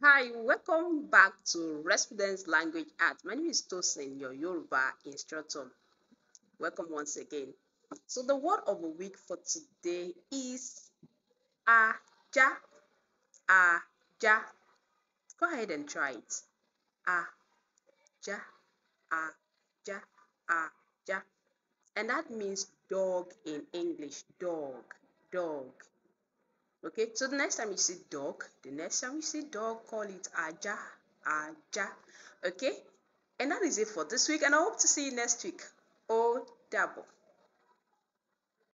Hi, welcome back to Residence Language Art. My name is Tosin, your Yoruba instructor. Welcome once again. So the word of the week for today is aja. Aja. Go ahead and try it. Aja. Aja. Aja. And that means dog in English. Dog. Dog. okay so the next time you see dog the next time you see dog call it aja aja okay and that is it for this week and i hope to see you next week ó double.